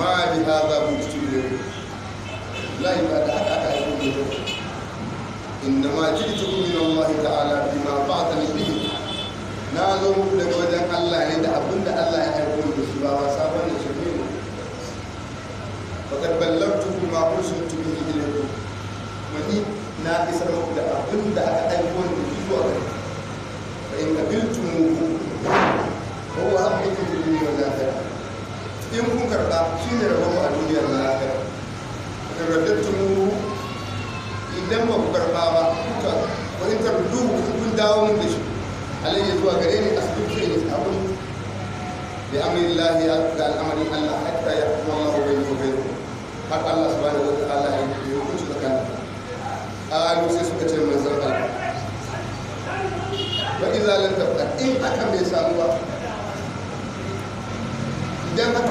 ma bi hadha la da aka yi min Allah ta'ala bima ba'athani bihi na zo muku wajen Allah ne da abin da Allah ya aiko da shi ba sabon da shi ne faqad ballagtukum ma ursiltu bihi ilaykum wani na isa da abin da aka aiko ni in kun karɓa shi ne rabon a duniyar lahira da radattu idan ba ku karɓa ba kuka wani tardu kun dawo mun da shi alayya zuwa gare ni asibiti ne abun bi amrin lahi ga al'amarin allah hatta ya kuma allah bai yi bai har allah subhanahu wa ta'ala ya yi yi hukunci tsakanin qalu sai suka ce manzon allah ba idza lam tabqa in aka mai samu idan aka